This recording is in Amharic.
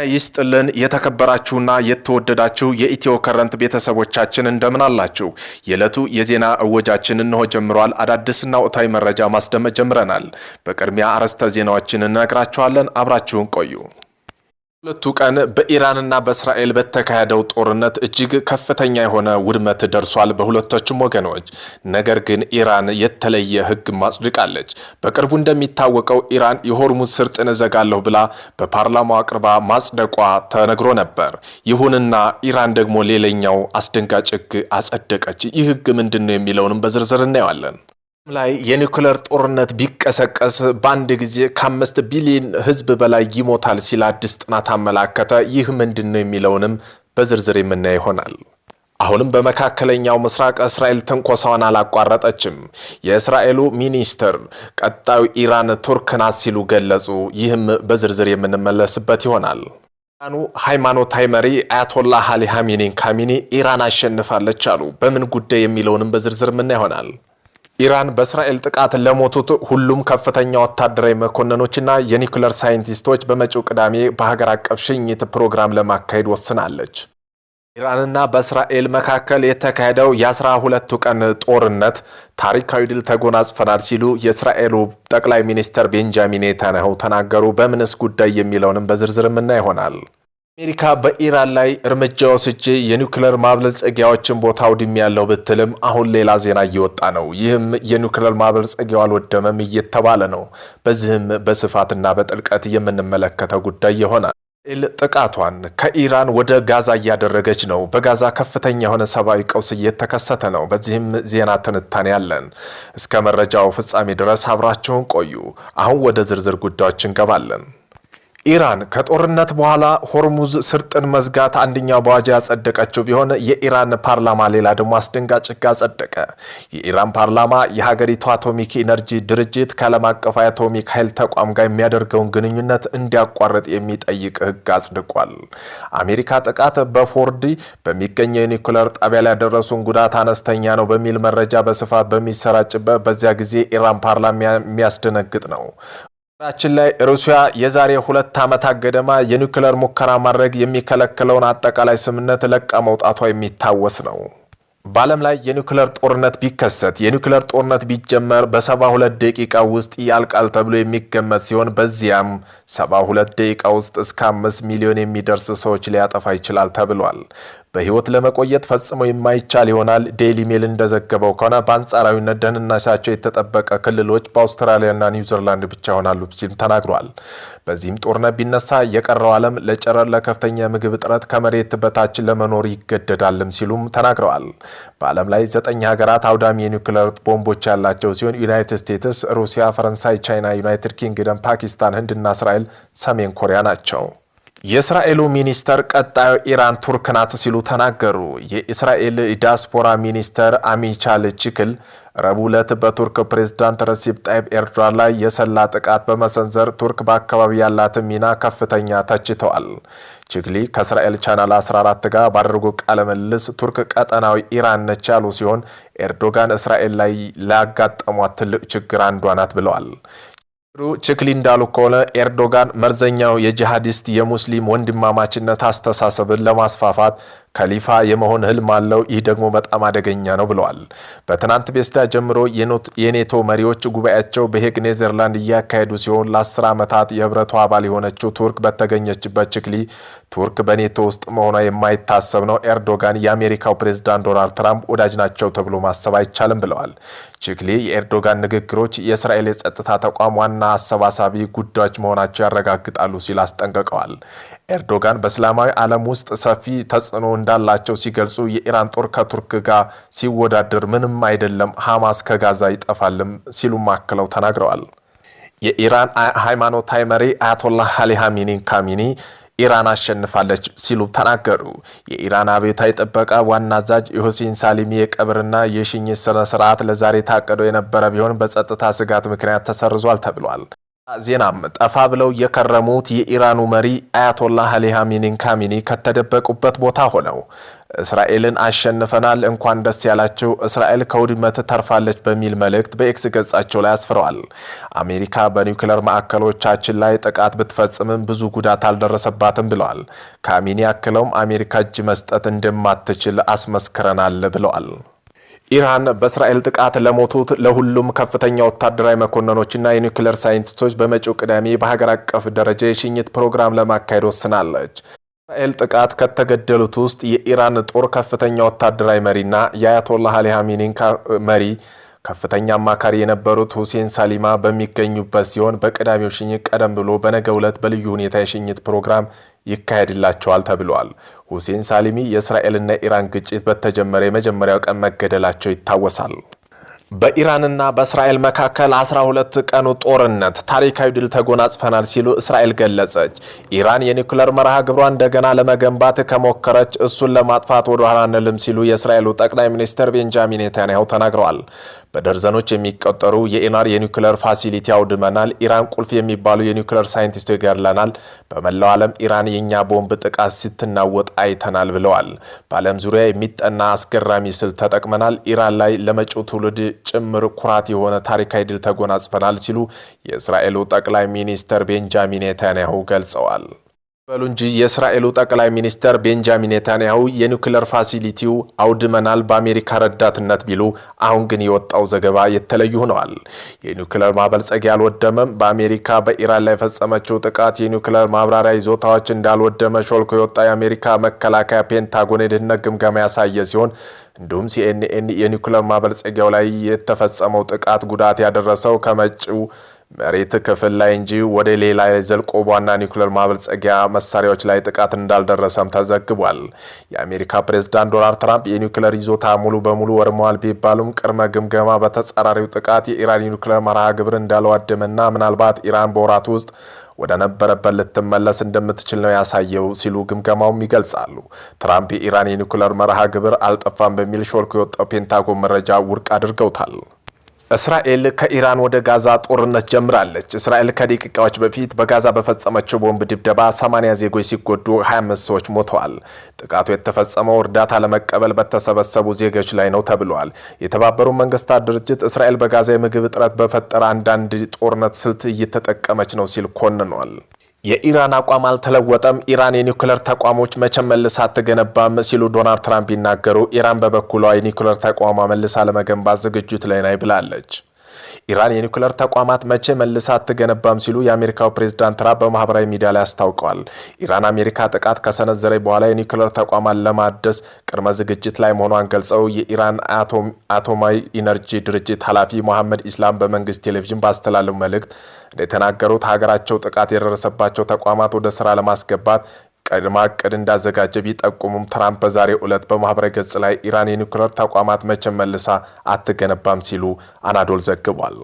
ጤና ይስጥልን የተከበራችሁና የተወደዳችሁ የኢትዮ ከረንት ቤተሰቦቻችን እንደምን አላችሁ? የዕለቱ የዜና እወጃችን እንሆ ጀምሯል። አዳዲስና ወቅታዊ መረጃ ማስደመጥ ጀምረናል። በቅድሚያ አርዕስተ ዜናዎችን እነግራችኋለን። አብራችሁን ቆዩ። ሁለቱ ቀን በኢራንና በእስራኤል በተካሄደው ጦርነት እጅግ ከፍተኛ የሆነ ውድመት ደርሷል በሁለቶችም ወገኖች። ነገር ግን ኢራን የተለየ ሕግ ማጽድቃለች። በቅርቡ እንደሚታወቀው ኢራን የሆርሙዝ ስርጥ እዘጋለሁ ብላ በፓርላማው አቅርባ ማጽደቋ ተነግሮ ነበር። ይሁንና ኢራን ደግሞ ሌላኛው አስደንጋጭ ሕግ አጸደቀች። ይህ ሕግ ምንድን ነው የሚለውንም በዝርዝር እናየዋለን። ላይ የኒውክለር ጦርነት ቢቀሰቀስ በአንድ ጊዜ ከአምስት ቢሊዮን ህዝብ በላይ ይሞታል ሲል አዲስ ጥናት አመላከተ። ይህ ምንድን ነው የሚለውንም በዝርዝር የምናይ ይሆናል። አሁንም በመካከለኛው ምስራቅ እስራኤል ትንኮሳዋን አላቋረጠችም። የእስራኤሉ ሚኒስትር ቀጣዩ ኢራን ቱርክ ናት ሲሉ ገለጹ። ይህም በዝርዝር የምንመለስበት ይሆናል። ኢራኑ ሃይማኖታዊ መሪ አያቶላ አሊ ሀሚኒን ካሚኒ ኢራን አሸንፋለች አሉ። በምን ጉዳይ የሚለውንም በዝርዝር ምና ይሆናል ኢራን በእስራኤል ጥቃት ለሞቱት ሁሉም ከፍተኛ ወታደራዊ መኮንኖችና የኒኩለር ሳይንቲስቶች በመጪው ቅዳሜ በሀገር አቀፍ ሽኝት ፕሮግራም ለማካሄድ ወስናለች። ኢራንና በእስራኤል መካከል የተካሄደው የአስራ ሁለቱ ቀን ጦርነት ታሪካዊ ድል ተጎናጽፈናል ሲሉ የእስራኤሉ ጠቅላይ ሚኒስትር ቤንጃሚን ኔታንያሁ ተናገሩ። በምንስ ጉዳይ የሚለውንም በዝርዝር ምና ይሆናል አሜሪካ በኢራን ላይ እርምጃ ወስጄ የኒውክለር ማብለጸጊያዎችን ቦታ ውድም ያለው ብትልም አሁን ሌላ ዜና እየወጣ ነው። ይህም የኒውክለር ማብለጸጊያው አልወደመም እየተባለ ነው። በዚህም በስፋትና በጥልቀት የምንመለከተው ጉዳይ ይሆናል። ኢል ጥቃቷን ከኢራን ወደ ጋዛ እያደረገች ነው። በጋዛ ከፍተኛ የሆነ ሰብአዊ ቀውስ እየተከሰተ ነው። በዚህም ዜና ትንታኔ ያለን እስከ መረጃው ፍጻሜ ድረስ አብራችሁን ቆዩ። አሁን ወደ ዝርዝር ጉዳዮች እንገባለን። ኢራን ከጦርነት በኋላ ሆርሙዝ ስርጥን መዝጋት አንደኛው በዋጃ ያጸደቀችው ቢሆን የኢራን ፓርላማ ሌላ ደግሞ አስደንጋጭ ሕግ አጸደቀ። የኢራን ፓርላማ የሀገሪቱ አቶሚክ ኢነርጂ ድርጅት ከዓለም አቀፍ የአቶሚክ ኃይል ተቋም ጋር የሚያደርገውን ግንኙነት እንዲያቋርጥ የሚጠይቅ ሕግ አጽድቋል። አሜሪካ ጥቃት በፎርዲ በሚገኘው የኒኩለር ጣቢያ ላይ ያደረሱን ጉዳት አነስተኛ ነው በሚል መረጃ በስፋት በሚሰራጭበት በዚያ ጊዜ ኢራን ፓርላማ የሚያስደነግጥ ነው። ሀገራችን ላይ ሩሲያ የዛሬ ሁለት ዓመታት ገደማ የኒውክሌር ሙከራ ማድረግ የሚከለክለውን አጠቃላይ ስምምነት ለቃ መውጣቷ የሚታወስ ነው። በዓለም ላይ የኒውክለር ጦርነት ቢከሰት የኒውክለር ጦርነት ቢጀመር በሰባ ሁለት ደቂቃ ውስጥ ያልቃል ተብሎ የሚገመት ሲሆን በዚያም ሰባ ሁለት ደቂቃ ውስጥ እስከ አምስት ሚሊዮን የሚደርስ ሰዎች ሊያጠፋ ይችላል ተብሏል። በህይወት ለመቆየት ፈጽሞ የማይቻል ይሆናል። ዴይሊ ሜል እንደዘገበው ከሆነ በአንጻራዊነት ደህንነታቸው የተጠበቀ ክልሎች በአውስትራሊያና ኒውዚርላንድ ብቻ ይሆናሉ ሲል ተናግሯል። በዚህም ጦርነት ቢነሳ የቀረው ዓለም ለጨረር፣ ለከፍተኛ ምግብ እጥረት፣ ከመሬት በታች ለመኖር ይገደዳልም ሲሉም ተናግረዋል። በዓለም ላይ ዘጠኝ ሀገራት አውዳሚ የኒውክሌር ቦምቦች ያላቸው ሲሆን ዩናይትድ ስቴትስ፣ ሩሲያ፣ ፈረንሳይ፣ ቻይና፣ ዩናይትድ ኪንግደም፣ ፓኪስታን፣ ህንድና እስራኤል፣ ሰሜን ኮሪያ ናቸው። የእስራኤሉ ሚኒስተር ቀጣዩ ኢራን ቱርክ ናት ሲሉ ተናገሩ። የእስራኤል ዲያስፖራ ሚኒስተር አሚቻል ችክል ረቡዕ ዕለት በቱርክ ፕሬዝዳንት ረሲፕ ጣይብ ኤርዶዋን ላይ የሰላ ጥቃት በመሰንዘር ቱርክ በአካባቢ ያላትን ሚና ከፍተኛ ተችተዋል። ችግሊ ከእስራኤል ቻናል 14 ጋር ባደረጉ ቃለ ምልልስ ቱርክ ቀጠናዊ ኢራን ነች ያሉ ሲሆን ኤርዶጋን እስራኤል ላይ ላጋጠሟት ትልቅ ችግር አንዷ ናት ብለዋል። ሩ ችክሊ እንዳሉ ከሆነ ኤርዶጋን መርዘኛው የጂሃዲስት የሙስሊም ወንድማማችነት አስተሳሰብን ለማስፋፋት ከሊፋ የመሆን ህልም አለው። ይህ ደግሞ በጣም አደገኛ ነው ብለዋል። በትናንት ቤስዳ ጀምሮ የኔቶ መሪዎች ጉባኤያቸው በሄግ ኔዘርላንድ እያካሄዱ ሲሆን ለአስር ዓመታት የህብረቱ አባል የሆነችው ቱርክ በተገኘችበት ችክሊ ቱርክ በኔቶ ውስጥ መሆኗ የማይታሰብ ነው፣ ኤርዶጋን የአሜሪካው ፕሬዝዳንት ዶናልድ ትራምፕ ወዳጅ ናቸው ተብሎ ማሰብ አይቻልም ብለዋል። ችክሊ የኤርዶጋን ንግግሮች የእስራኤል የጸጥታ ተቋም ዋና ዋና አሰባሳቢ ጉዳዮች መሆናቸው ያረጋግጣሉ ሲል አስጠንቅቀዋል። ኤርዶጋን በእስላማዊ ዓለም ውስጥ ሰፊ ተጽዕኖ እንዳላቸው ሲገልጹ የኢራን ጦር ከቱርክ ጋር ሲወዳደር ምንም አይደለም፣ ሐማስ ከጋዛ ይጠፋልም ሲሉም አክለው ተናግረዋል። የኢራን ሃይማኖታዊ መሪ አያቶላህ አሊ ሀሚኒ ካሚኒ ኢራን አሸንፋለች ሲሉ ተናገሩ። የኢራን አብዮታዊ ጥበቃ ዋና አዛዥ የሁሴን ሳሊሚ የቀብርና የሽኝት ስነ ስርዓት ለዛሬ ታቅዶ የነበረ ቢሆን በጸጥታ ስጋት ምክንያት ተሰርዟል ተብሏል። ዜናም ጠፋ ብለው የከረሙት የኢራኑ መሪ አያቶላ አሊ ካሚኒ ከተደበቁበት ቦታ ሆነው እስራኤልን አሸንፈናል እንኳን ደስ ያላቸው እስራኤል ከውድመት ተርፋለች በሚል መልእክት በኤክስ ገጻቸው ላይ አስፍረዋል። አሜሪካ በኒውክለር ማዕከሎቻችን ላይ ጥቃት ብትፈጽምም ብዙ ጉዳት አልደረሰባትም ብለዋል። ካሚኒ አክለውም አሜሪካ እጅ መስጠት እንደማትችል አስመስክረናል ብለዋል። ኢራን በእስራኤል ጥቃት ለሞቱት ለሁሉም ከፍተኛ ወታደራዊ መኮንኖችና የኒውክሌር ሳይንቲስቶች በመጪው ቅዳሜ በሀገር አቀፍ ደረጃ የሽኝት ፕሮግራም ለማካሄድ ወስናለች። እስራኤል ጥቃት ከተገደሉት ውስጥ የኢራን ጦር ከፍተኛ ወታደራዊ መሪና የአያቶላህ አሊ ሀሚኒን መሪ ከፍተኛ አማካሪ የነበሩት ሁሴን ሳሊማ በሚገኙበት ሲሆን በቅዳሜው ሽኝት ቀደም ብሎ በነገ ዕለት በልዩ ሁኔታ የሽኝት ፕሮግራም ይካሄድላቸዋል ተብሏል። ሁሴን ሳሊሚ የእስራኤልና ኢራን ግጭት በተጀመረ የመጀመሪያው ቀን መገደላቸው ይታወሳል። በኢራንና በእስራኤል መካከል 12 ቀኑ ጦርነት ታሪካዊ ድል ተጎናጽፈናል ሲሉ እስራኤል ገለጸች። ኢራን የኒኩለር መርሃ ግብሯን እንደገና ለመገንባት ከሞከረች እሱን ለማጥፋት ወደ ኋላ አንልም ሲሉ የእስራኤሉ ጠቅላይ ሚኒስትር ቤንጃሚን ኔታንያሁ ተናግረዋል። በደርዘኖች የሚቆጠሩ የኢራን የኒውክሌር ፋሲሊቲ አውድመናል። ኢራን ቁልፍ የሚባሉ የኒውክሌር ሳይንቲስት ገድለናል። በመላው ዓለም ኢራን የእኛ ቦምብ ጥቃት ስትናወጥ አይተናል ብለዋል። በዓለም ዙሪያ የሚጠና አስገራሚ ስልት ተጠቅመናል። ኢራን ላይ ለመጪው ትውልድ ጭምር ኩራት የሆነ ታሪካዊ ድል ተጎናጽፈናል ሲሉ የእስራኤሉ ጠቅላይ ሚኒስትር ቤንጃሚን ኔታንያሁ ገልጸዋል። በሉ እንጂ የእስራኤሉ ጠቅላይ ሚኒስትር ቤንጃሚን ኔታንያሁ የኒውክለር ፋሲሊቲው አውድመናል በአሜሪካ ረዳትነት ቢሉ አሁን ግን የወጣው ዘገባ የተለዩ ሆነዋል። የኒውክለር ማበልጸጊያ አልወደመም፣ በአሜሪካ በኢራን ላይ የፈጸመችው ጥቃት የኒውክለር ማብራሪያ ይዞታዎች እንዳልወደመ ሾልኮ የወጣ የአሜሪካ መከላከያ ፔንታጎን የደህንነት ግምገማ ያሳየ ሲሆን እንዲሁም ሲኤንኤን የኒውክለር ማበልጸጊያው ላይ የተፈጸመው ጥቃት ጉዳት ያደረሰው ከመጪው መሬት ክፍል ላይ እንጂ ወደ ሌላ የዘልቆ ቧና ኒውክሌር ማበልጸጊያ መሳሪያዎች ላይ ጥቃት እንዳልደረሰም ተዘግቧል። የአሜሪካ ፕሬዝዳንት ዶናልድ ትራምፕ የኒውክሌር ይዞታ ሙሉ በሙሉ ወድመዋል ቢባሉም ቅድመ ግምገማ በተጸራሪው ጥቃት የኢራን ኒውክሌር መርሃ ግብር እንዳልዋደመና ምናልባት ኢራን በወራት ውስጥ ወደ ነበረበት ልትመለስ እንደምትችል ነው ያሳየው ሲሉ ግምገማውም ይገልጻሉ። ትራምፕ የኢራን የኒውክሌር መርሃ ግብር አልጠፋም በሚል ሾልኮ የወጣው ፔንታጎን መረጃ ውድቅ አድርገውታል። እስራኤል ከኢራን ወደ ጋዛ ጦርነት ጀምራለች። እስራኤል ከደቂቃዎች በፊት በጋዛ በፈጸመችው ቦምብ ድብደባ 80 ዜጎች ሲጎዱ 25 ሰዎች ሞተዋል። ጥቃቱ የተፈጸመው እርዳታ ለመቀበል በተሰበሰቡ ዜጎች ላይ ነው ተብሏል። የተባበሩት መንግስታት ድርጅት እስራኤል በጋዛ የምግብ እጥረት በፈጠረ አንዳንድ ጦርነት ስልት እየተጠቀመች ነው ሲል ኮንኗል። የኢራን አቋም አልተለወጠም። ኢራን የኒውክለር ተቋሞች መቼም መልሳ አትገነባም ሲሉ ዶናልድ ትራምፕ ይናገሩ። ኢራን በበኩሏ የኒውክለር ተቋሟ መልሳ ለመገንባት ዝግጅት ላይ ናይ ብላለች። ኢራን የኒውክለር ተቋማት መቼ መልሳ አትገነባም ሲሉ የአሜሪካው ፕሬዝዳንት ትራምፕ በማህበራዊ ሚዲያ ላይ አስታውቀዋል። ኢራን አሜሪካ ጥቃት ከሰነዘረ በኋላ የኒውክለር ተቋማት ለማደስ ቅድመ ዝግጅት ላይ መሆኗን ገልጸው የኢራን አቶማዊ ኢነርጂ ድርጅት ኃላፊ መሐመድ ኢስላም በመንግስት ቴሌቪዥን ባስተላለፉ መልእክት እንደተናገሩት ሀገራቸው ጥቃት የደረሰባቸው ተቋማት ወደ ስራ ለማስገባት ቀድማ እቅድ እንዳዘጋጀ ቢጠቁሙም ትራምፕ በዛሬው ዕለት በማህበረ ገጽ ላይ ኢራን የኒውክሌር ተቋማት መቼም መልሳ አትገነባም ሲሉ አናዶል ዘግቧል።